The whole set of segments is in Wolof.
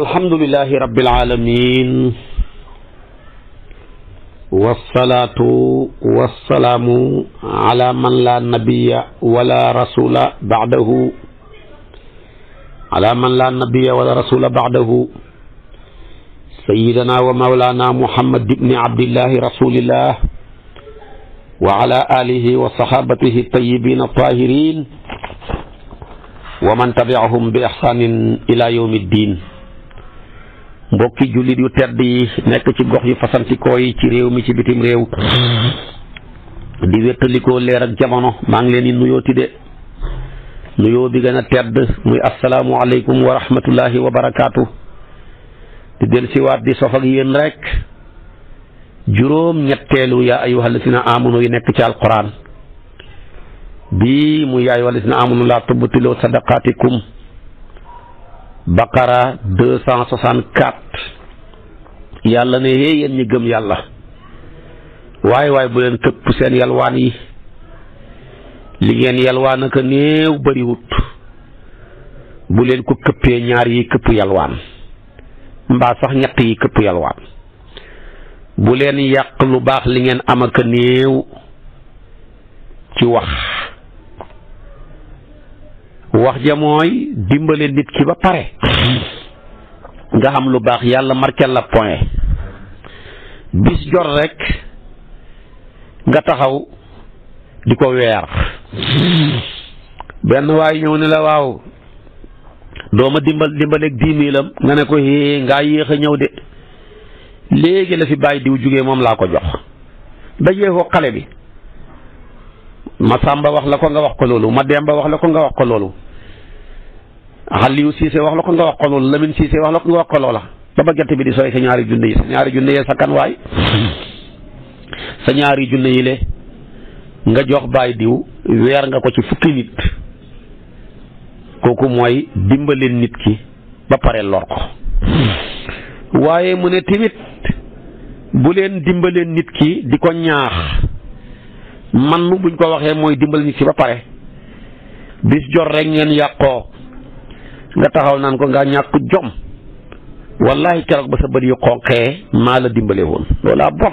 الحمد لله رب العالمين والصلاة والسلام على من لا نبي ولا رسول بعده على من لا نبي ولا رسول بعده سيدنا ومولانا محمد بن عبد الله رسول الله وعلى آله وصحابته الطيبين الطاهرين ومن تبعهم بإحسان إلى يوم الدين mbokki jullit yu tedd yi nekk ci gox yi fasantikoo yi ci réew mi ci bitim réew di wéttalikoo leer ak jamono maa ngi leen yi nuyooti de nuyoo bi gën a tedd muy asalaamualeykum wa rahmatullahi wa barakaatu di del siwaat di sof ak yéen rek juróom ñetteelu yaa ayyuha alladina amanu yi nekk ci alquran bii mu yaa ayyuha alladina amanu laa tubtiloo sadaqaatikum baqara deux cent soixante-quatre yàlla ne hee yéen gëm yàlla waaye waaye bu leen tëpp seen yalwaan yi li ngeen yalwaan aka néew bariwut bu leen ko këppee ñaar yi këpp yalwaan mbaa sax ñett yi këpp yalwaan bu leen yàq lu baax li ngeen am aka néew ci wax wax ja mooy dimbale nit ki ba pare nga am lu baax yàlla marqué la point bis jot rek nga taxaw di ko weer benn waay ñëw ne la waaw dooma dimbal dimbale dix mille am nga ne ko hée ngaa yéex a ñëw de léegi la fi bàyyi diw jóge moom laa ko jox dajee ko xale bi ma sàmba wax la ko nga wax ko loolu ma demba wax la ko nga wax ko loolu Aliou Cissé wax la ko nga wax ko loolu Lamine Cissé wax la ko nga wax ko loola ba ba gerte bi di sooy sa ñaari junne yi sa ñaari junne yee sa kan waay sa ñaari junne yi le nga jox bàyyi diw weer nga ko ci fukki nit kooku mooy dimbaleen nit ki ba pare lor ko waaye mu ne tamit bu leen dimbaleen nit ki di ko ñaax man nu buñ ko waxee mooy dimbal nit ci ba pare bis jot rek ngeen yàqoo nga taxaw naan ko nga ñàkk jom wallahi keroog ba sa bët yu xonqee maa la dimbale woon loolaa bon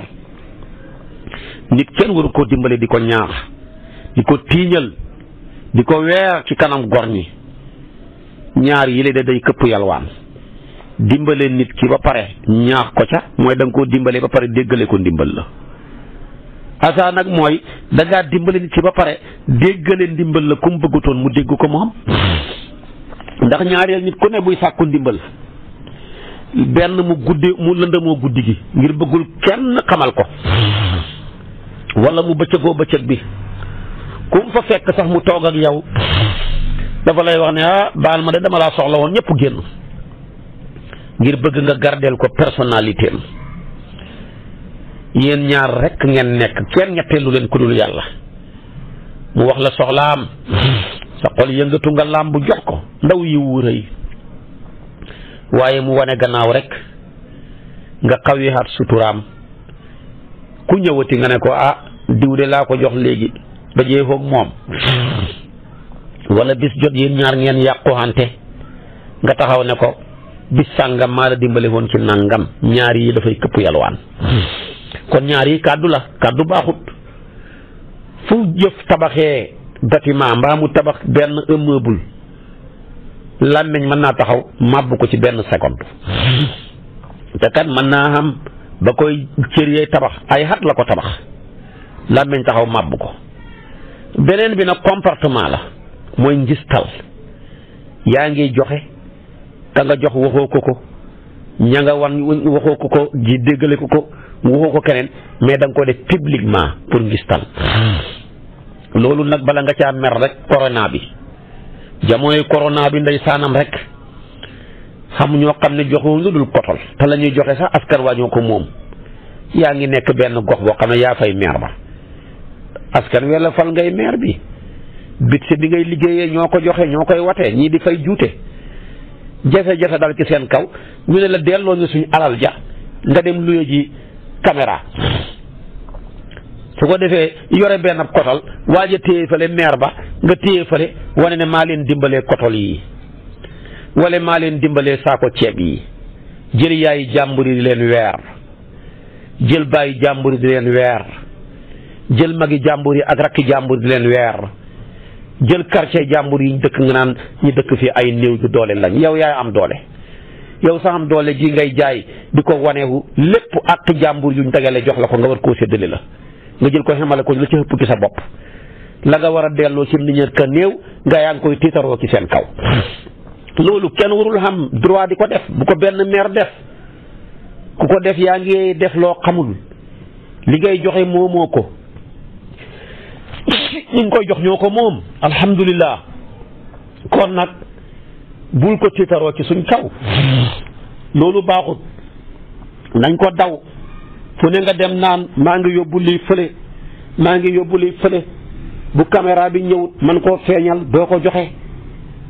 nit kenn waru koo dimbale di ko ñaax di ko tiiñal di ko weer ci kanam gor ñi ñaar yi de day këpp yalwaan dimbale nit ki ba pare ñaax ko ca mooy da koo dimbale ba pare déggale ko ndimbal la asa nag mooy da ngaa dimbali nit ki ba pare déggale ndimbal la ku mu bëggutoon mu dégg ko moom ndax ñaareel nit ku ne buy sàkku ndimbal benn mu guddi mu lëndëmoo guddi gi ngir bëggul kenn xamal ko walla mu bëccëgoo bëccëg bi ku mu fa fekk sax mu toog ak yow dafa lay wax ne ah baal ma de dama laa soxla woon ñëpp génn ngir bëgg nga gardeel ko personnalité am yéen ñaar rekk ngeen nekk kenn ñetteelu leen ku dul yàlla mu wax la soxlaam sa xol yëngatu nga làmb jox ko ndaw yi wuurëy waaye mu wane gannaaw rekk nga xawi xaat suturaam ku ñëwati nga ne ko ah diw de laa ko jox léegi dajee foog moom walla bis jot yéen ñaar ngeen yàquwante nga taxaw ne ko bis sàngam maa la dimbale woon ci nàngam ñaar yi dafay këpp yalwaan kon ñaari kàddu la kàddu baaxut fu jëf tabaxee bâtiment mbaa mu tabax benn immeuble làmmiñ mën naa taxaw màbb ko ci benn seconde te kan mën naa am ba koy cër yee tabax ay xat la ko tabax làmmiñ taxaw màbb ko beneen bi nag comportement la mooy njistal yaa ngi joxe ka nga jox waxoo ko ko ña nga wan waxoo ko ko ji déggale ko ko mu ko keneen mais da nga ko def publiquement pour ngistal loolu nag bala nga caa mer rek corona bi jamonoy corona bi ndey saanam rek xam ñoo xam ne joxewuñ lu dul kotol te la ñuy joxe sax askan waa ñoo ko moom yaa ngi nekk benn gox boo xam ne yaa fay meer ba askan wi la fal ngay mer bi bitse bi ngay liggéeyee ñoo ko joxe ñoo koy watee ñii di fay juute jafe-jafe dal ci seen kaw ñu ne la delloo ñu suñu alal ja nga dem luye ji caméra su ko defee yore benn kotol waa a téye fële meer ba nga téye fële wane ne maa leen dimbalee kotol yi wala maa leen dimbalee saako ceeb yi jël yaayu jàmbur yi leen weer jël baayu jàmbur leen weer jël magi jàmbur yi ak rakki jàmbur di leen weer jël quartier jàmbur yi ñu dëkk nga naan ñu dëkk fii ay néew ju doole lañ yow yaay am doole. yow sa am doole ji ngay jaay di ko wanewu lépp ak yu yuñ tegale jox la ko nga war koo séddale la nga jël ko xamale ko la ci ëpp ci sa bopp la nga war a delloo ci nit ñi néew nga yaa ngi koy tiitaroo ci seen kaw loolu kenn warul xam droit di ko def bu ko benn maire def ku ko def yaa ngi def loo xamul li ngay joxe moomoo ko ñu ngi koy jox ñoo ko moom alhamdulillah kon nag bul ko tiitaroo ci suñ kaw loolu baaxut nañ ko daw fu ne nga dem naan maa ngi yóbbu lii fële maa ngi yóbbu lii fële bu kamera bi ñëwut man koo feeñal doo ko joxe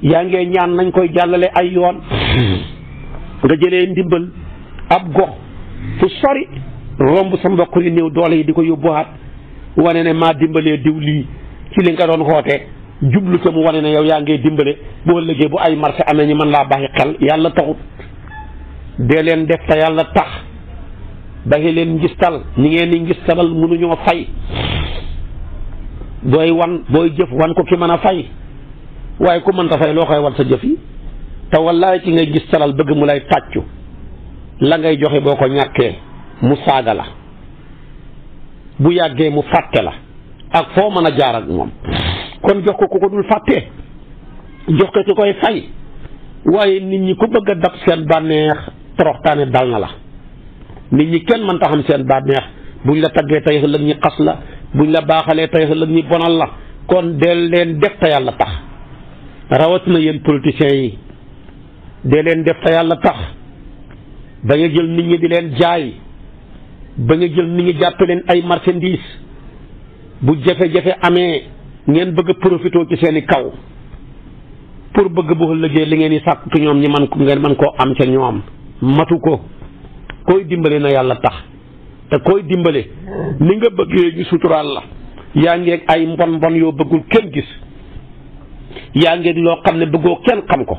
yaa ngee ñaan nañ koy jàllale ay yoon nga jële ndimbal ab gox fu sori romb sa mbokk yu néew doole yi di ko yóbbuwaat wane ne maa dimbalee diw lii ci li nga doon xootee jublu ca mu wane ne yow yaa ngay dimbale boo liggéey bu ay marché amee ñi mën laa bàyyi xel yàlla taxut dee leen def te yàlla tax bàyyi leen ngistal ñi ngeen di ngistalal mënuñoo fay booy wan booy jëf wan ko ki mën a fay waaye ku mënta fay loo koy wan sa jëf yi te wallaay ki ngay ngistalal bëgg mu lay tàccu la ngay joxe boo ko ñàkkee mu saaga la bu yàggee mu fàtte la ak foo mën a jaar ak moom kon jox ko ku ko dul fàtte jox ko ki koy fay waaye nit ñi ku bëgg a dab seen bànneex toroxtaane dal na la nit ñi kenn mën ta seen bànneex buñ la taggee tey ëllëg ñi xas la buñ la baaxalee tey ëllëg ñi bonal la kon del leen def te yàlla tax rawatina yéen politiciens yi dee leen def te yàlla tax ba nga jël nit ñi di leen jaay ba nga jël nit ñi jàppe leen ay marchandises bu jafe-jafe amee ngeen bëgg profito ci seeni kaw pour bëgg bu ëllëgee li ngeen di sàkk ci ñoom ñi man ngeen man koo am ca ñoom matu ko koy dimbale na yàlla tax te koy dimbale ni nga bëggee ñu sutural la yaa ak ay mbon mbon yoo bëggul kenn gis yaa loo xam ne kenn xam ko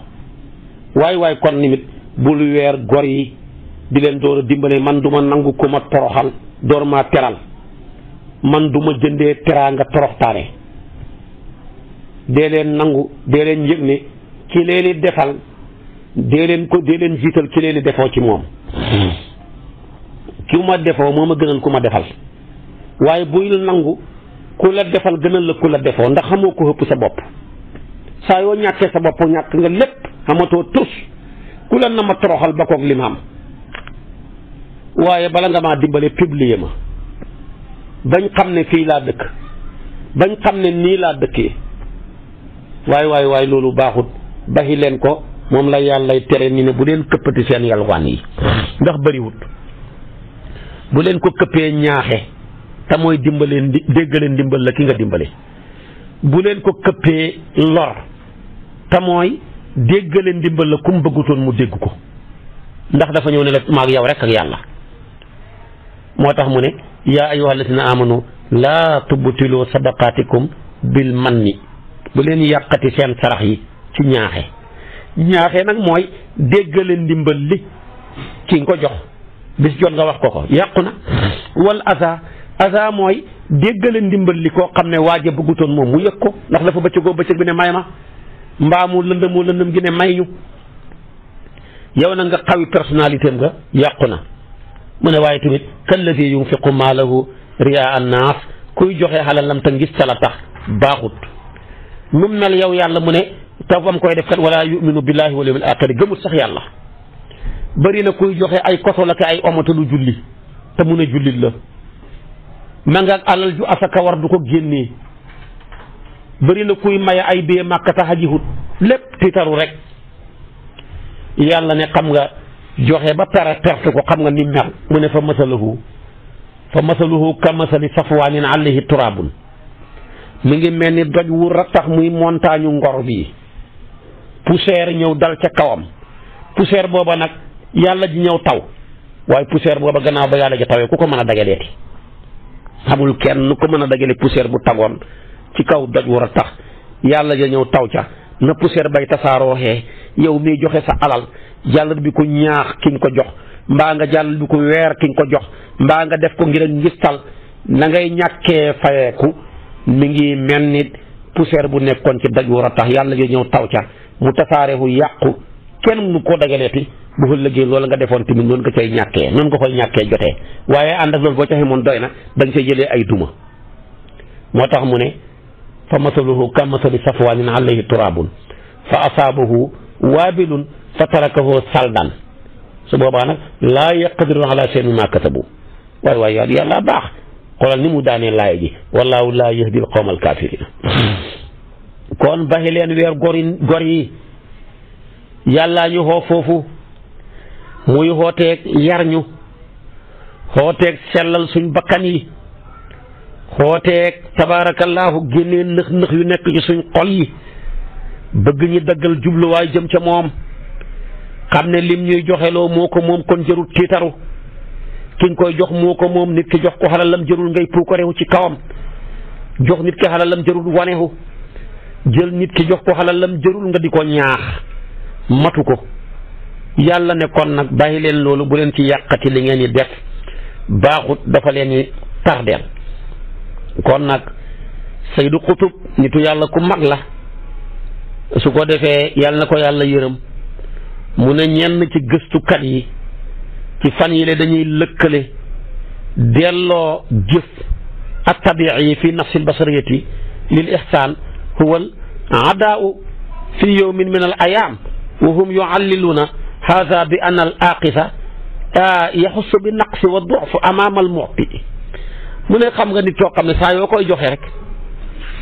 waay waay kon nimit bul weer gor yi di leen door a dimbale man duma nangu ku ma toroxal door maa teral man duma jëndee toroxtaane dee leen nangu dee leen yëg ne ki leen di defal dee leen ko dee leen jiital ki leen defoo ci moom ki ma defoo moo ma gënal ku ma defal waaye buy nangu ku la defal gënal la ku la defoo ndax xamoo ko ëpp sa bopp saa yoo ñàkkee sa bopp ñàkk nga lépp xamatoo tus ku la na ma toroxal ba koog limaam waaye bala nga maa dimbale publier ma bañ xam ne fii laa dëkk bañ xam ne nii laa dëkkee waaye waaye waay loolu baaxut baxi leen ko moom la yàllay tere ni ne bu leen këppati seen yàlla yalwaan yi ndax bëriwut bu leen ko këppee ñaaxe te mooy dimbalee déggale ndimbal la ki nga dimbale bu leen ko këppee lor tamooy mooy déggale ndimbal la kum mu bëggutoon mu dégg ko ndax dafa ñëw ne la maag yow rek ak yàlla moo tax mu ne yaa ayyuha na amanu laa tubtilu sadaqaatikum bil manni bu leen yàqati seen sarax yi ci ñaaxe ñaaxe nag mooy déggale ndimbal li ki nga ko jox bis jot nga wax ko ko yàqu na wal asa asa mooy déggale ndimbal li koo xam ne waaja bëggutoon moom mu yëg ko ndax dafa bëccëgoo bëccëg bi ne may ma mbaamu mu lëndëm mu lëndëm gi ne may ñu yow na nga xawi personnalité nga yàqu na mu ne waaye tamit kallazi yunfiqu maalahu riyaa annaas kuy joxe xalalam te ngis ca tax baaxut nu mel yow yàlla mu ne te bam koy def kat wala yuminu billahi wal yawmil aaxiri gëmul sax yàlla bëri na kuy joxe ay koto la ay omatalu julli te mun a jullit la ma nga alal ju asaka war du ko génnee bëri na kuy maye ay bee màkkata xajihut lépp tiitaru rek yàlla ne xam nga joxe ba pare perte ko xam nga ni mel mu ne fa masaluhu fa masaluhu ka masali safwaanin alayhi turaabun mi ngi mel ni doj wu rattax muy montagne ngor bii poussière ñëw dal ca kawam poussière booba nag yàlla ji ñëw taw waaye poussière booba gannaaw ba yàlla ji tawee ku ko mën a dagaleeti amul kenn nu ko mën a dajalee poussière bu tagoon ci kaw doj wu rattax yàlla ja ñëw taw ca na poussière bay tasaarooxee yow miy joxe sa alal jàllal bi ko ñaax ki nga ko jox mbaa nga jàll bi ko weer ki nga ko jox mbaa nga def ko ngir a ngistal na ngay ñàkkee fayeeku mi ngi mel nit poussière bu nekkoon ci daj war a tax yàlla jo ñëw taw ca mu tasaareeku yàqu kenn mënu koo dagaleeti bu fa liggéey loolu nga defoon tamit noonu nga koy ñàkkee noonu nga koy ñàkkee jotee waaye ànd ak loolu boo caxee moom doy na dañ cay jëlee ay duma moo tax mu ne fa masaluhu ka masali safwaanin alayhi turaabun fa asaabahu waabilun fa tarakahu saldan su boobaa nag laa yaqdiru ala shay'in mimmaa kasabu waay waay yàlla baax xoolal ni mu daanee laay ji wallaahu laa yahdil qawmal kaafiriin kon baxi leen weer gor yi gor yi yàllaa ñu xoo foofu muy xooteeg yar ñu xooteeg sellal suñ bakkan yi xooteeg tabaarakallaahu génnee nëx nëx yu nekk ci suñ xol yi bëgg ñu daggal jubluwaay jëm ca moom xam ne lim ñuy joxeloo moo ko moom kon jarut tiitaru kiñ koy jox moo ko moom nit ki jox ko xalalam jërul ngay puukarewu ci kawam jox nit ki xalalam jërul wanewu jël nit ki jox ko xalalam jërul nga di ko ñaax matu ko yàlla ne kon nag bàyyi leen loolu bu leen ci yàqati li ngeen di def baaxut dafa leen i tardeel kon nag Saydu Xutub nitu yàlla ku mag la su ko defee yàlla na ko yàlla yërëm mu ne ñenn ci gëstukat yi ci fan yi le dañuy lëkkale delloo jëf ak fi nafsi albasariyati lil ihsan huwa al adaau fi yawmin min al ayaam wa hum yu'alliluna hadha bi anna al aqifa yahussu bi naqsi wa dufu amaama al muti mu ne xam nga nit ko xamne sa yo koy joxe rek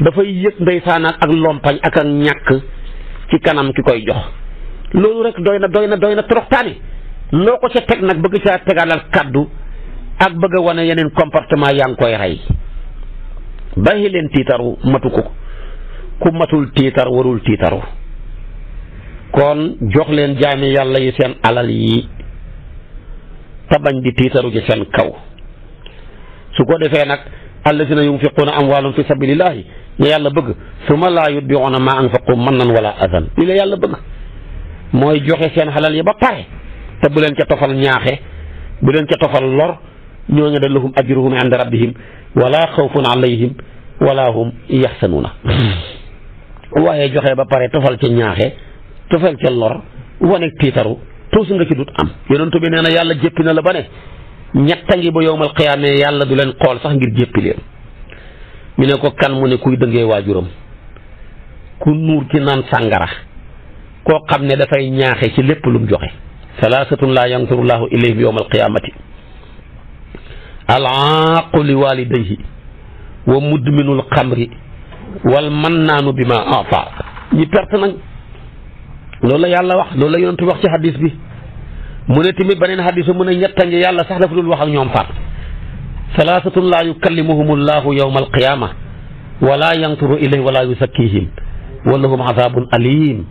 da fay yek ndeysan ak lompañ ak ak ñak ci kanam ki koy jox lolu rek doyna doyna doyna na loo ko ca teg nag bëgg caa tegalal kàddu ak bëgg a wane yeneen comportement yaa ngi koy rey bàyyi leen tiitaru matu ko ku matul tiitar warul tiitaru kon jox leen jaami yàlla yi seen alal yi te bañ di tiitaru ci seen kaw su ko defee nag si allazina yunfiquuna amwaalum fi sabilillahi ña yàlla bëgg suma laa yutbiuna ma anfaqu mannan wala adan li la yàlla bëgg mooy joxe seen alal yi ba pare te bu leen ca tofal ñaaxe bu leen ca tofal lor ñooñu da lahum ajruhum inda rabbihim wala xawfun alayhim wala hum yaxsanuuna waaye joxe ba pare tofal ca ñaaxe tofal ca lor wane tiitaru tuus nga ci dut am yonentu bi nee yàlla jéppi na la ba ne ñetta ngi ba yowmal qiyaame yàlla du leen xool sax ngir jéppi leen ñu ne ko kan mu ne kuy dëngee waajuram ku nuur ci naan sàngara koo xam ne dafay ñaaxe ci lépp lum joxe salaasatun laa yansuru laahu ilayhim yowma alqiyaamati alaaqu li walidayhi wa mudminul xamri wal mannaanu bi ma afa ñi perte nañ loolu la yàlla wax loolu la yonent wax ci hadis bi mu ne tamit beneen hadis bi mu ne ñett a ngi yàlla sax dafa dul wax ak ñoom faat salaasatun laa yukallimuhum allahu yowma alqiyaama wala yanturu ilayhim wala yusakkihim walahum azabun alim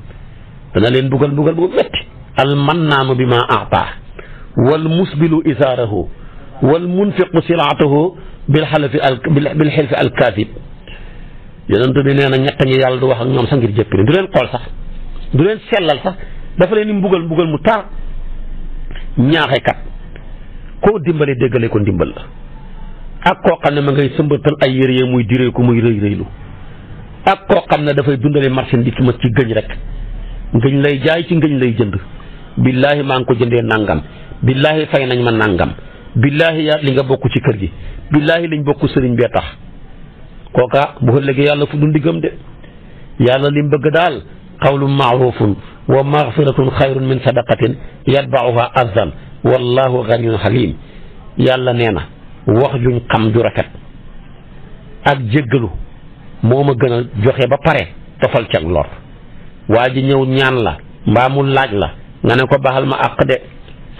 dana leen bugal bugal bu metti al mannaamu bi maa aataa wal musbilu isaarahu wal munfiqu silaatahu bil xalafi al bil xilfi al kaasib yonent bi nee na ñett ñi yàlla du wax ak ñoom sax ngir jëpp du leen xool sax du leen sellal sax dafa leen mbugal mbugal mu tar ñaaxe kat koo dimbale déggale ko ndimbal la ak koo xam ne ma ngay sëmbatal ay yére muy diree ko muy rëy rëylu ak koo xam ne dafay dundale marchandise ma ci gëñ rek ngëñ lay jaay ci ngëñ lay jënd billaahi maa ngi ko jëndee nangam billaahi fay nañ ma nangam billaahi yaa li nga bokk ci kër gi billaahi liñ bokk sëriñ bee tax kooka bu ëllëgee yàlla fu du ndigam de yàlla lim bëgg daal qawlun maarufun wa maxfiratun xayrun min sadaqatin yatbauha azan wallahu ganiyun xalim yàlla nee na wax juñ xam ju rafet ak jéggalu moo ma gën joxe ba pare tofal cag lor waa ji ñëw ñaan la mbaa laaj la nga ne ko baxal ma àq de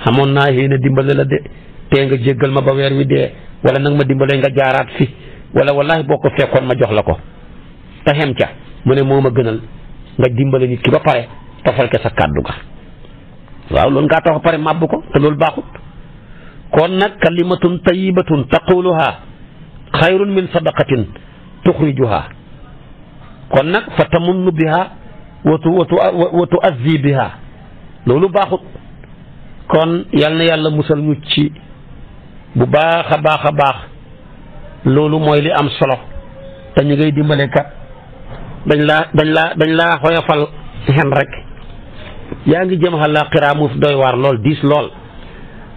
xamoon naa yéene dimbale la de tee nga jéggal ma ba weer wi dee wala nag ma dimbale nga jaaraat fi wala wallahi boo ko fekkoon ma jox la ko te ca mu ne moo ma gënal nga dimbale nit ki ba pare tofal ke sa kàddu ga waaw loolu ngaa tax ba pare màbb ko te loolu baaxut kon nag kalimatun tayibatun taquluha xayrun min sadaqatin tuxrijuha kon nag fa tamunnu biha wa tu wa tu wa tuazzi biha loolu baaxut kon yal na yàlla musal ñu ci bu baax a baax a baax loolu mooy li am solo te ñu ngay dimbale kat dañ laa dañ laa dañ laa xoyofal xen rek yaa ngi jëm àllaaxira mu dooy waar lool diis lool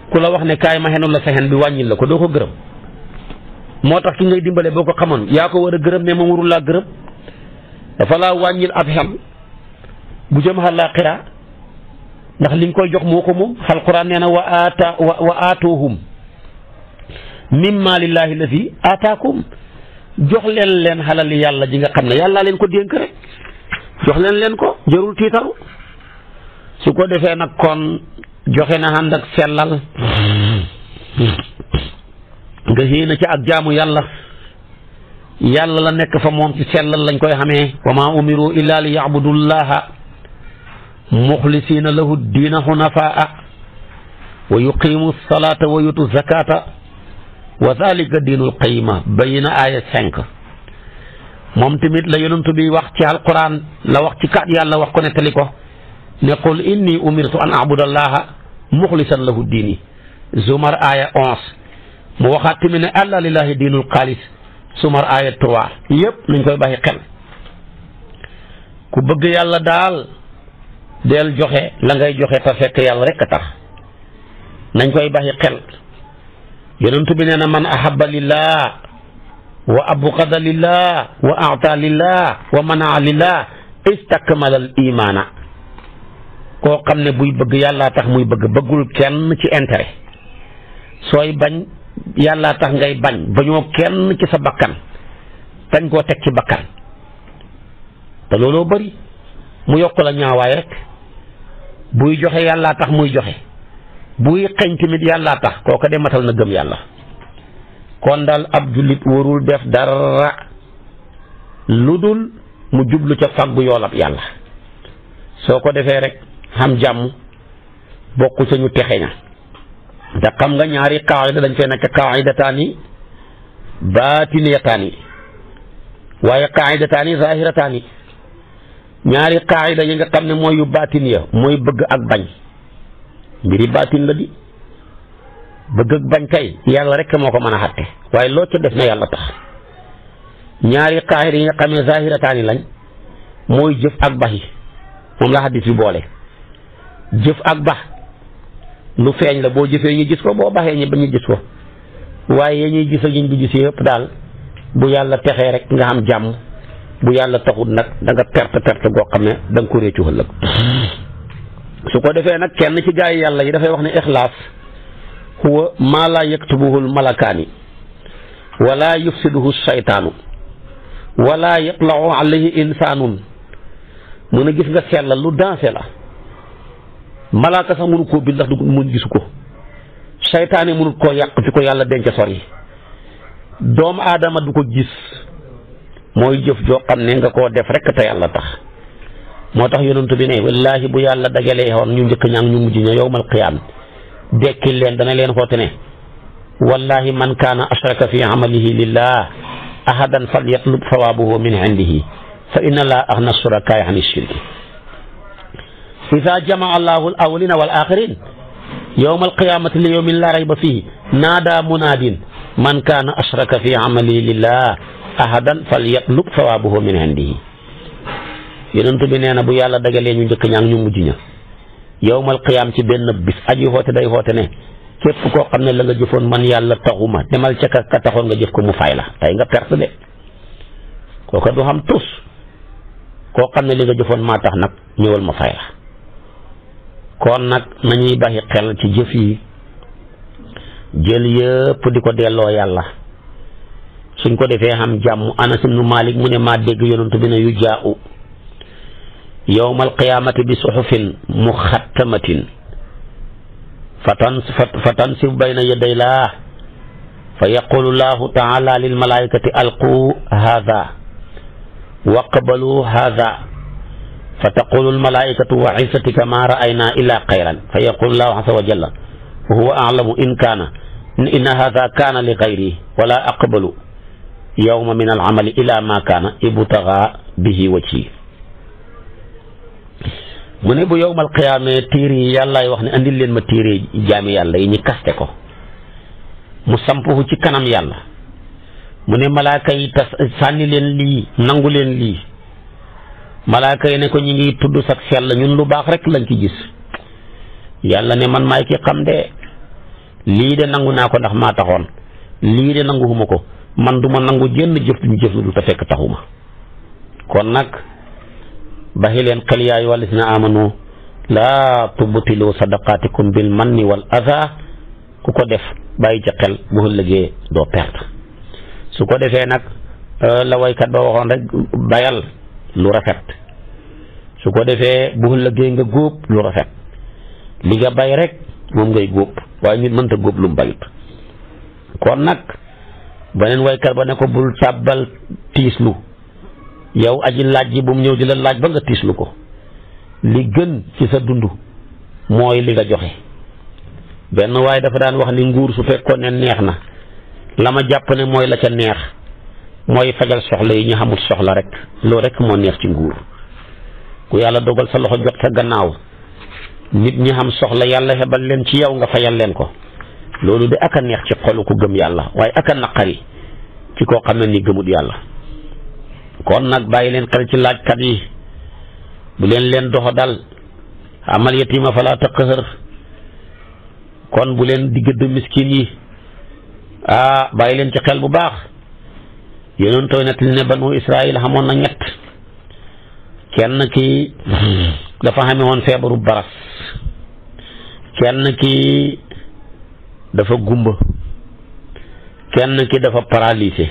ku la wax ne kaay ma xenul la sa xen bi wàññil la ko doo ko gërëm moo tax ki ngay dimbale boo ko xamoon yaa ko war a gërëm mais moom warul laa gërëm dafa laa wàññil ab xen bu jëm àllaaxira ndax li koy jox moo ko moom alquran nee na wa aata wa aatuhum mimma lillahi lazi aataakum jox leen leen xalal yàlla ji nga xam ne yàlla leen ko dénk rek jox leen leen ko jërul tiitaru su ko defee nag kon joxe na ànd ak sellal nga xéena ci ak jaamu yàlla yàlla la nekk fa moom ci sellal lañ koy xamee wa ma umiru illa li yabudullaha مخلصين له الدين حنفاء ويقيموا الصلاة ويؤتوا الزكاة وذلك دين القيمة بين آية 5 moom tamit la yonent bi wax ci alquran la wax ci kat yàlla wax ko nettali ko ne qul inni umirtu an abudallaha muxlisan lahu diini zumar aya onze mu waxaat tamit ne àlla lillahi diinul xaalis zumar aya trois yépp nañ koy bàyyi xel ku bëgg yàlla daal del joxe la ngay joxe te fekk yalla rek tax nañ koy xel yonentou bi neena man ahabba lillah wa abqada lillah wa a'ta lillah wa manaa lillah istakmala al imaana koo xam buy bëgg yalla tax muy bëgg bëggul kenn ci intérêt soy bañ yalla tax ngay bañ bañoo kenn ci sa bakkan tan ko tek ci bakkan da lolo bari mu yokk la rek buy joxe yàllaa tax muy joxe buy xeñ tamit yàllaa tax kooka de matal na gëm yàlla kon daal ab jullit warul def dara lu dul mu jublu ca faggu yoolab yàlla soo ko defee rek xam jàmm bokk ca ñu texe ña te xam nga ñaari qaayida dañ fee nekk qaayidataani baatiniyataani waaye qaayidataani zaahirataani ñaari qaayida yi nga xam ne mooy yu baatin ya mooy bëgg ak bañ mbiri baatin la di bëgg ak bañ kay yàlla rek moo ko mën a xatte waaye loo ca def na yàlla tax ñaari qaayida yi nga xam ne zahirataani lañ mooy jëf ak baxi moom la xaddis bi boole jëf ak bax lu feeñ la boo jëfee ñu gis ko boo baxee ñu ba ñu gis ko waaye ñuy gis ak ñu gis yëpp daal bu yàlla texee rek nga xam jàmm bu yàlla taxut nag danga nga tert perte goo xam ne da nga ko réccu ëllëg su ko defee nag kenn ci gaa yàlla yi dafay wax ne ixlaas huwa maa laa yaktubuhu malakaani wala yufsiduhu saytaanu wala yaqla'u alayhi insaanun mun a gis nga sellal lu dansé la malaaka sax mënu koo bind ndax du mun gisu ko saytaane mënut koo yàq fi ko yàlla denc sori doomu aadama du ko gis moy jëf jo xamne nga ko def rek ta yàlla tax motax yonentou bi ne wallahi bu yàlla dagale hon ñu jëk ñang ñu mujj ñu yowmal qiyam dekkil leen dana leen xoote ne wallaahi man kana ashraka fi amalihi lillah ahadan fal yatlub sawaabuhu min indihi fa inna laa axna surakaay ani shirki ida jamaa allahu al awalina wal axirin yowma alqiyamati li yowmin laa rayba fihi naada munaadin man kaana ashraka fi amalihi ahadan falyatlub sawaabahu min di yonent bi nee na bu yàlla dagalee ñu njëkk ñaa ngi ñu mujj ña yowmal qiyaam ci benn bis aji xoote day xoote ne képp koo xam ne la nga jëfoon man yàlla ma demal ca ka taxoon nga jëf ko mu fay la tey nga perte de kooka du xam tus koo xam ne li nga jëfoon maa tax nag ñëwal ma fay la kon nag nañuy bàyyi xel ci jëf yi jël yëpp di ko delloo yàlla suñ ko defee xam jàmm anas ibnu malik mu ne maa dégg yonantu bi ne yu jaa'u yowmal qiyaamati bi suxufin muxattamatin fatan fatansif bayna yaday laa fa yaqulu llahu taala lil malaikati alquu haada waqbalu haada fa taqulu almalaikatu wa izzatika ma raayna illa xayran fa yaqulu llahu asa wa jalla huwa aclamu in kaana in haada kaana li gayri wala aqbalu yowma min al amali ila ma kaana ibtaxa bihi wajhi mu ne bu yowmal qiyaame téere yi yàllaay wax ne andil leen ma téere jaami yàlla yi ñu kaste ko mu sampuhu ci kanam yàlla mu ne malaaka yi tas sànni leen lii nangu leen lii malaaka yi ne ko ñu ngi tudd sax yàlla ñun lu baax rek lañ ci gis yàlla ne man maay ki xam de lii de nangu naa ko ndax maa taxoon lii de nanguwuma ko man duma nangu jenn jëf duñu jëf lu dul te fekk taxuma kon nag baxi leen xel yaay wàllis na amanu laa tubtilu sadaqaatikum man manni wal asa ku ko def bàyyi ci xel bu ëllëgee doo perte su ko defee nag euh, la waykat ba waxoon rek bayal lu rafet su ko defee bu ëllëgee nga góob lu rafet li nga bay rek moom ngay góob waaye nit mënta góob lu mu bayut kon nag beneen waykat ba ne ko bul tàbbal tiislu yow aji laaj ji bu mu ñëw di la laaj ba nga tiislu ko li gën ci sa dund mooy li nga joxe benn waaye dafa daan wax ni nguur su fekkoon ne neex na la ma jàpp ne mooy la ca neex mooy fajal soxla yi ñu xamul soxla rek loolu rek moo neex ci nguur ku yàlla dogal sa loxo jot sa gannaaw nit ñi xam soxla yàlla xebal leen ci yow nga fayal leen ko loolu de aka neex ci xolu ku gëm yàlla waaye aka naqari ci koo xam ne ni gëmut yàlla kon nag bàyyi leen xel ci laajkat yi bu leen leen doxa dal amal yatima falaa taqhar kon bu leen di gëdd miskin yi ah bàyyi leen ci xel bu baax yénoon tooy nett li ne banu Israil xamoon na ñett kenn ki dafa xame woon feebaru baras kenn ki dafa gumba kenn ki dafa paralysé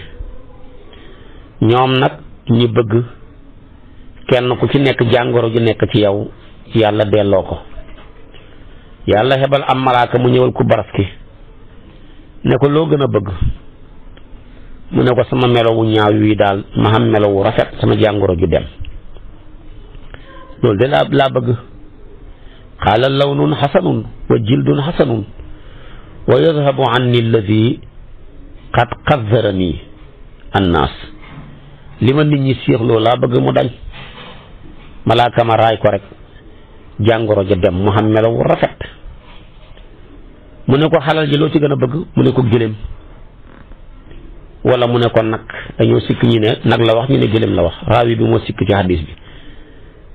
ñoom nag ñi bëgg kenn ku ci nekk jàngoro ju nekk ci yow yàlla delloo ko yàlla xebal am malaaka mu ñëwal ku baraski ne ko loo gën a bëgg mu ne ko sama melowu ñaaw wi daal ma xam melowu rafet sama jàngoro ju dem loolu de laa bëgg xaalal lawnun xasanun wa jildun xasanun ويذهب عني الذي قد قذرني annaas li ma nit ñi séexloo laa bëgg mu dañ malaaka ma raay ko rek jàngoro ja dem mu xam melaw rafet mu ne ko xalal ji loo ci gën a bëgg mu ne ko gëléem wala mu ne ko nag dañoo sikk ñi ne nag la wax ñu ne gëléem la wax raawi bi moo sikk ci hadis bi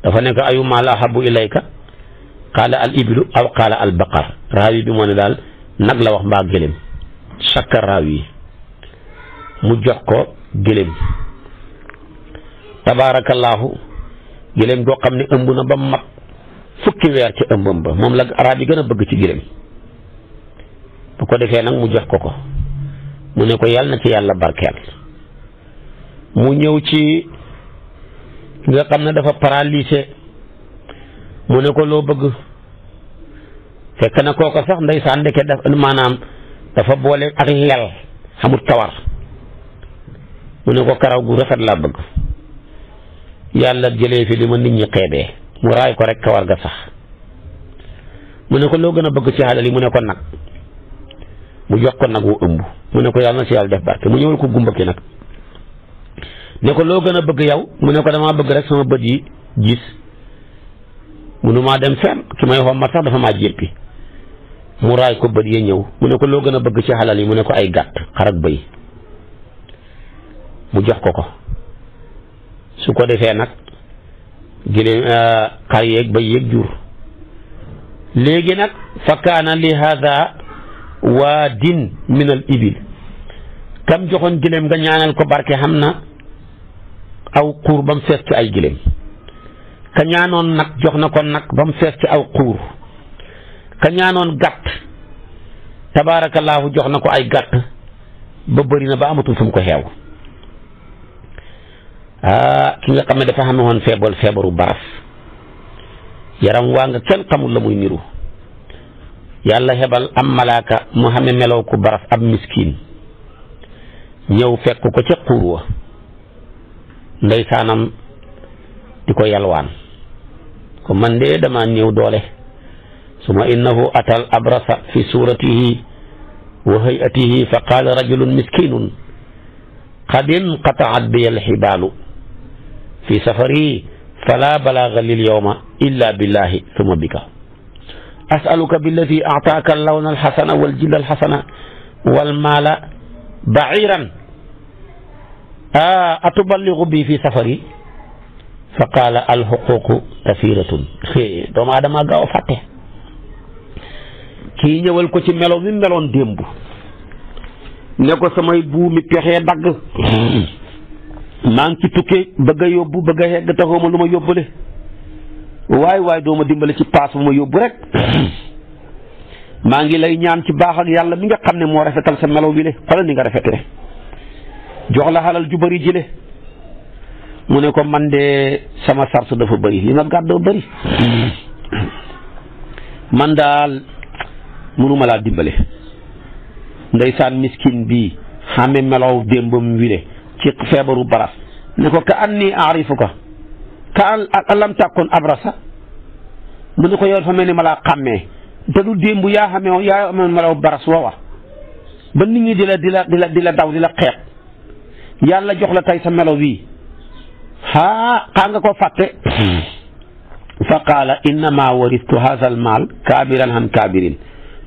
dafa nekk ayu maal ahabu ilayka qaala al ibilu aw qaala al baqar raawi bi moo ne daal nag la wax mbaa gëléem sakkaraaw yi mu jox ko gëléem tabaarakallaahu gëléem goo xam ne ëmb na ba mat fukki weer ci ëmbam ba moom la araab yi gën a bëgg ci gëléem bu ko defee nag mu jox ko ko mu ne ko yàlla na ci yàlla barkeel mu ñëw ci nga xam ne dafa paralysé mu ne ko loo bëgg fekk na kooko sax ndeysaan ndeke daf maanaam dafa boole ak lel xamut kawar mu ne ko karaw gu rafet laa bëgg yàlla jëlee fi li ma nit ñi xeebee mu raay ko rek kawar ga sax mu ne ko loo gën a bëgg ci xalal yi mu ne ko nag mu jox ko nag wu ëmb mu ne ko yàlla na si yàlla def barke mu ñëwal ko gumba ki nag ne ko loo gën a bëgg yow mu ne ko damaa bëgg rek sama bët yi gis maa dem fenn ki may xommat sax dafa maa jéppi mu raay ko bët ya ñëw mu ne ko loo gën a bëgg ci xalal yi mu ne ko ay gat xar ak bëy mu jox ko ko su ko defee nag giléem euh, xar yeeg bëy yeeg jur léegi nag fa kaana li hada waadin min al ibil kam joxoon giléem nga ñaanal ko barke xam na aw xuur ba mu fees ci ay giléem ka ñaanoon nag jox na koon nag ba mu fees ci aw xuur ka ñaanoon gàtt tabaarakallaahu jox na ko ay gàtt ba bari na ba amatul fu mu ko xeew ah ki nga xam ne dafa xame woon feebal feebaru baras yaram waa nga kenn xamul la muy niru yàlla xebal am malaaka mu xame melow ku baras ab miskin ñëw fekk ko ca xuur wa ndeysaanam di ko yalwaan ko man de dama néew doole ثم إنه أتى الأبرص في صورته وهيئته فقال رجل مسكين قد انقطعت بي الحبال في سفري فلا بلاغ لي اليوم إلا بالله ثم بك أسألك بالذي أعطاك اللون الحسن والجلد الحسن والمال بعيرا آه أتبلغ بي في سفري فقال الحقوق كثيرة دوم آدم أقاو فاتح kii ñëwal ko ci melo mi meloon démb ne ko samay buumi pexee dagg maa ngi ci tukkee bëgg yóbbu bëgg a xegg ma lu ma yóbbale waaye waay doo ma dimbale ci paas bu ma yóbbu rek maa ngi lay ñaan ci baaxal yàlla mi nga xam ne moo rafetal sa melo bi le xoolal ni nga rafetee jox la xalal ju bari jile mu ne ko man de sama sars dafa bari li ma gàddoo bari man daal mënuma laa dimbale ndeysaan miskin bii xame melow démbam wile ci feebaru baras ne ko ka nii aarifuka ka an lam tàkkoon abrasa mu ko yow dafa mel ni ma laa xàmmee te du démb yaa xamee yaa amee melow baras woowa ba nit di la di la di la di daw di la xeeb yàlla jox la tey sa melo wii haa xaa nga ko fàtte fa qaala innama waristu haazal maal kaabiran han kaabirin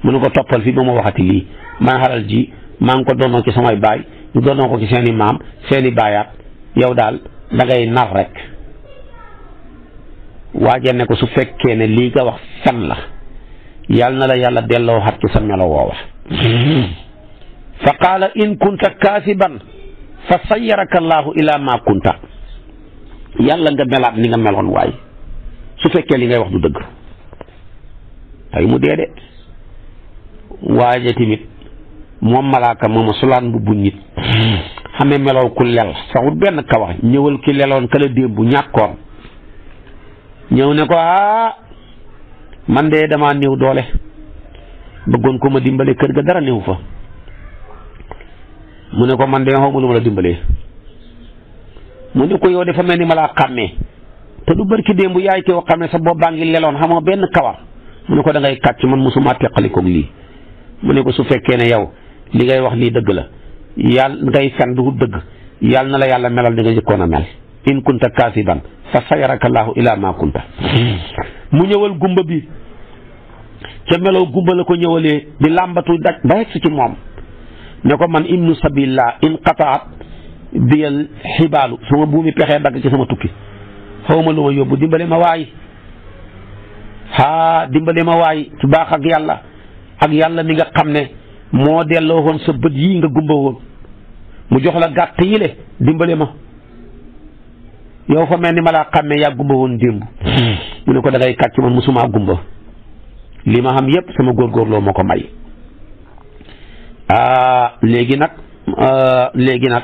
mu ne ko toppal fi ba ma waxati lii man xalal ji maa ngi ko doonoo ci samay baay ñu ko ci seeni maam seeni baayaat yow daal dangay ngay nar rek ne ko su fekkee ne lii nga wax fen la yal na la yàlla delloo xat ci sa melo woowa fa qaala in kunta kaasiban fa sayyaraka allaahu ilaa maa kunta yàlla nga melaat ni nga meloon waay su fekkee li ngay wax du dëgg tey mu dee waaje tamit moom malaaka mooma solaan bu bu nit xamee melow ku lel saxut benn kawax ñëwal ki leloon kala démb bu ñàkkoon ñëw ne ko ah man de damaa néew doole bëggoon ko ma dimbale kër ga dara néew fa mu ne ko man de xaw ma lu ma la dimbalee mu ne ko yow dafa mel ni ma laa xàmmee te du ki démb yaay koo xam ne sa bopp baa ngi leloon xamoo benn kawar mu ne ko da ngay man man mosuma teqalikoog lii mu ne ko su fekkee ne yow li ngay wax lii dëgg la yàlla ngay fen du dëgg yàlla na la yàlla melal ni nga jëkkoon a mel in kunta kaasiban fa sayarakallaahu ilaa maa kunta mu ñëwal gumba bi ca meloo gumba la ko ñëwalee di làmbatu daj ba yegg si ci moom ne ko man ibnu sabillah in qataat biyal xibaalu sama buumi pexee dagg ci sama tukki xaw ma lu ma yóbbu dimbale ma waay haa dimbale ma waay ci baax ak yàlla ak yàlla mi nga xam ne moo delloo woon sa bët yii nga gumba woon mu jox la gàtt yi le dimbale ma yow fa mel ni ma laa ne yaa gumba woon démb hmm. mu ne ko da ngay kàcc man mosumaa gumba lii ma xam yépp sama góorgóorloo moo ko may ah, léegi nag ah, léegi nag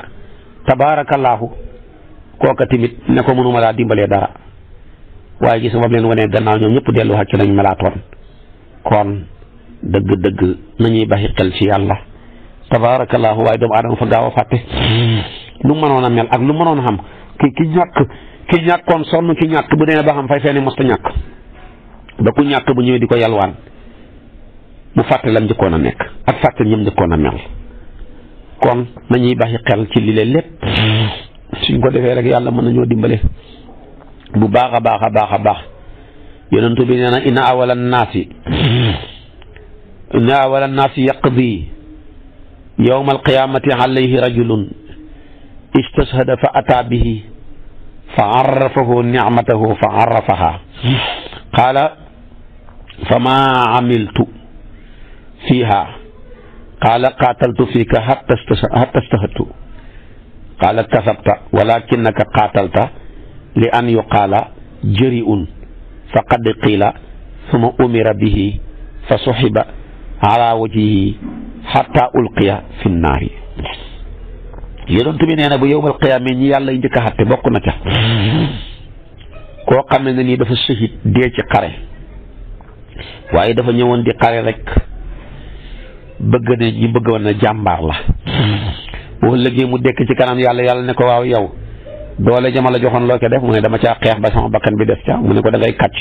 tabaarakallaahu kooka tamit ne ko mënuma laa dimbalee dara waaye gis nga leen wanee gannaaw ñoom ñëpp delluwaat ci lañ melaatoon kon dëgg-dëgg nañuy baxi xel ci yàlla tabaarakallaahu waaye doomu aadama fa gaaw a fàtte lu mënoon a mel ak lu mënoon a xam ki ki ñàkk ki ñàkkoon sonn ki ñàkk bu demee ba xam fay fenn mosta ñàkk ba ku ñàkk bu ñëwee di ko yalwaan mu fàtte lam njëkkoon a nekk ak fàtte ñam njëkkoon a mel kon nañuy baxi xel ci lile lépp suñ ko defee rek yàlla mën nañoo dimbale bu baax a baax a baax a baax yonentu bi nee na ina awala yi إن أول الناس يقضي يوم القيامة عليه رجل استشهد فأتى به فعرفه نعمته فعرفها قال فما عملت فيها قال قاتلت فيك حتى حتى استشهدت قال كسبت ولكنك قاتلت لأن يقال جريء فقد قيل ثم أمر به فصحب ala wajihi xatta ulqiya fi nnaari yonent bi nee bu yowmal qiyaama ñi yàlla njëkk xatte bokk na ca koo xam ne nii dafa sahid dee ci xare waaye dafa ñëwoon di xare rek bëgg ne ñi bëggoon na jàmbaar la boo léegi mu dekk ci kanam yàlla yàlla ne ko waaw yow doole jama la joxoon loo ko def mu ne dama caa xeex ba sama bakkan bi def ca mu ne ko da ngay kàcc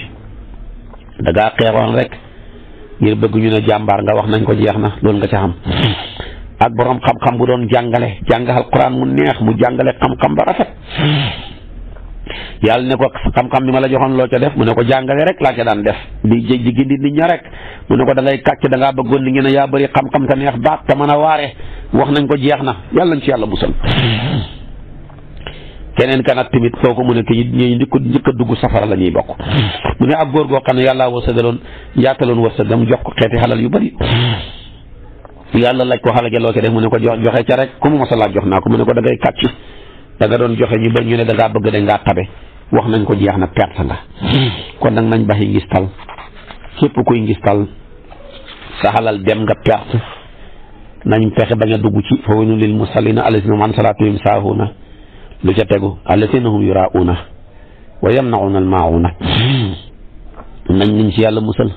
xeexoon rek ngir bëgguñu ñu ne jàmbaar nga wax nañ ko jeex na loolu nga ca xam ak boroom xam-xam bu doon jàngale jàngal Quraan mu neex mu jàngale xam-xam ba rafet yàlla ne ko xam-xam bi ma la joxoon loo ca def mu ne ko jàngale rek laa ca daan def di di gindi nit ña rek mu ne ko da ngay kàcc da ngaa bëggoon li ngeen yaa bëri xam-xam te neex baax te mën a waare wax nañ ko jeex na yàlla nañ ci yàlla musal keneen ka nag tamit foo ko mu nekk ñi njëkk njëkk a dugg safara la ñuy bokk mu ne ab góor goo xam ne yàllaa wasagaloon yaataloon wasagam jox ko xeeti xalal yu bëri yàlla laaj ko xalal ja loo ci def mu ne ko jox joxe ca rek ku mu masa laaj jox naa ko mu ne ko da ngay kàcc da nga doon joxe ñu ba ñu ne da ngaa bëgg da ngaa tabe wax nañ ko jeex na perte nga kon nag nañ baxi ngis tal képp kuy ngis tal sa xalal dem nga perte nañ fexe bañ a dugg ci fa waylun lil musallina allazina an salaatihim saahuuna lu ca tegu allatina hum yurauna wa yamnauna al mauna nañ niñ ci yàlla musal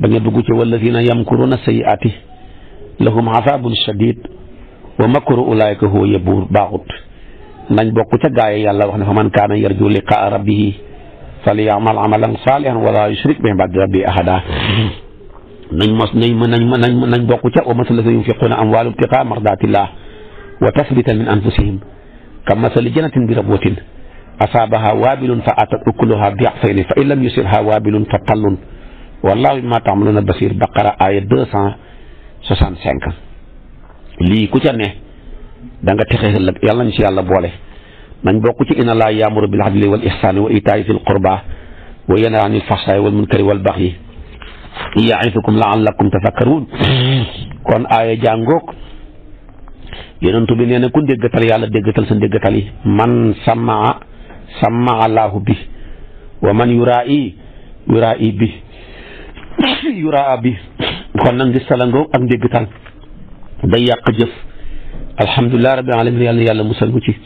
da nga dugg ci walladina yamkuruna sayiati lahum azabun shadid wa makru ulaika huwa yabuur baaxut nañ bokk ca gaaya yàlla wax ne fa man kaana yarju liqaa rabbihi falyamal amalan salihan wala yushrik bi ibadati rabbi ahada nañ mos nañ nañ nañ bokk ca wa masala sa yunfiquna amwaalum tiqaa mardatillah wa tasbitan min anfusihim كمثل جنة بربوة أصابها وابل فأتت أكلها ضعفين فإن لم يصبها وابل فطل والله ما تعملون بصير بقرة آية 265 لي كوتشاني دانغا تخيخ لك يلا إن شاء الله بوالي من بوكوتي إن الله يأمر بالعدل والإحسان وإيتاء ذي القربى وينهى عن الفحشاء والمنكر والبغي يعظكم لعلكم تفكرون كون آية جانغوك yonent bi nee na ku déggatal yàlla déggatal sa déggatal yi man samaa samaa allahu bi wa man yuraa i yuraa bi yuraa bi kon nag ngis talangoo ak déggatal day yàq jëf alhamdulilah rabbil alamin yàlla yàlla musal mu ci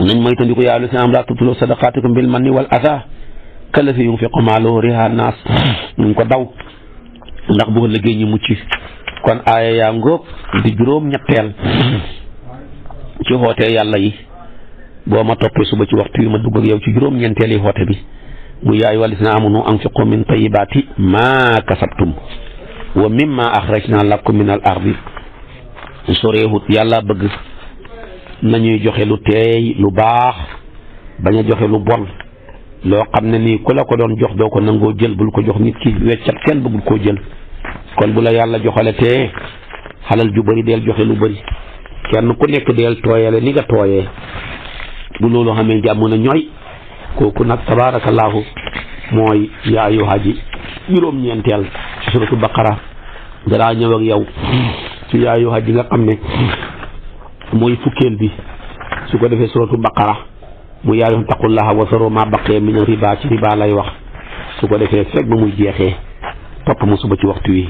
nañ moytandiku yaa allazina aamanu laa tubtiluu sadaqaatikum bil manni wal azaa kallazii yunfiqu maalahu ri'aa naas nañ ko daw ndax bu ëllëgee ñu mucc kon aaya yaa ngóob di juróom ñetteel ci xoote yàlla yi boo ma toppee suba ci waxtu yi ma dugg ak yow ci juróom ñeenteel yi bi mu yaay walisina amanu anfiqu min tayibaati maa kasabtum wa mimma axrajna lakum min al ardi soreewut yàlla bëgg nañuy joxe lu teey lu baax bañ a joxe lu bon loo xam ne nii ku la ko doon jox doo ko nangoo jël bul ko jox nit ki weccat kenn bëggul koo jël kon bu la yàlla joxale tee xalal ju bëri del joxe lu bëri kenn ku nekk deel tooyale ni nga tooyee bu loolu xamee jàmm na ñooy kooku nag tabaarakallaahu mooy yaayu haji juróom-ñeenteel ci suratu baqara danaa ñëw ak yow ci yaayu haji nga xam ne mooy fukkeel bi su ko defee suratu baqara mu yaayu taqullaha wa saru ma baqee min riba ci riba lay wax su ko defee fekk ba muy jeexee topp ma suba ci waxtu wi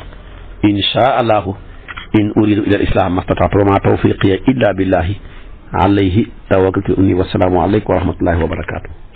insha allahu in uridu ila al islam mastataatu wa ma tawfiqiya illa billahi alayhi tawakkaltu inni wa salaamu alaykum wa rahmatullahi wa barakatuh